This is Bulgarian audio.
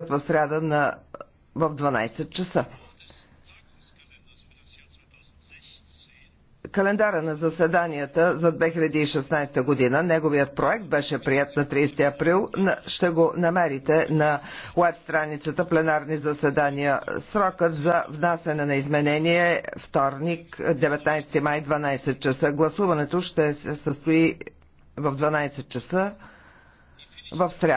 в среда на, в 12 часа. Календара на заседанията за 2016 година, неговият проект беше прият на 30 април. Ще го намерите на веб страницата пленарни заседания. Срокът за внасене на изменение е вторник, 19 май, 12 часа. Гласуването ще се състои в 12 часа в среда.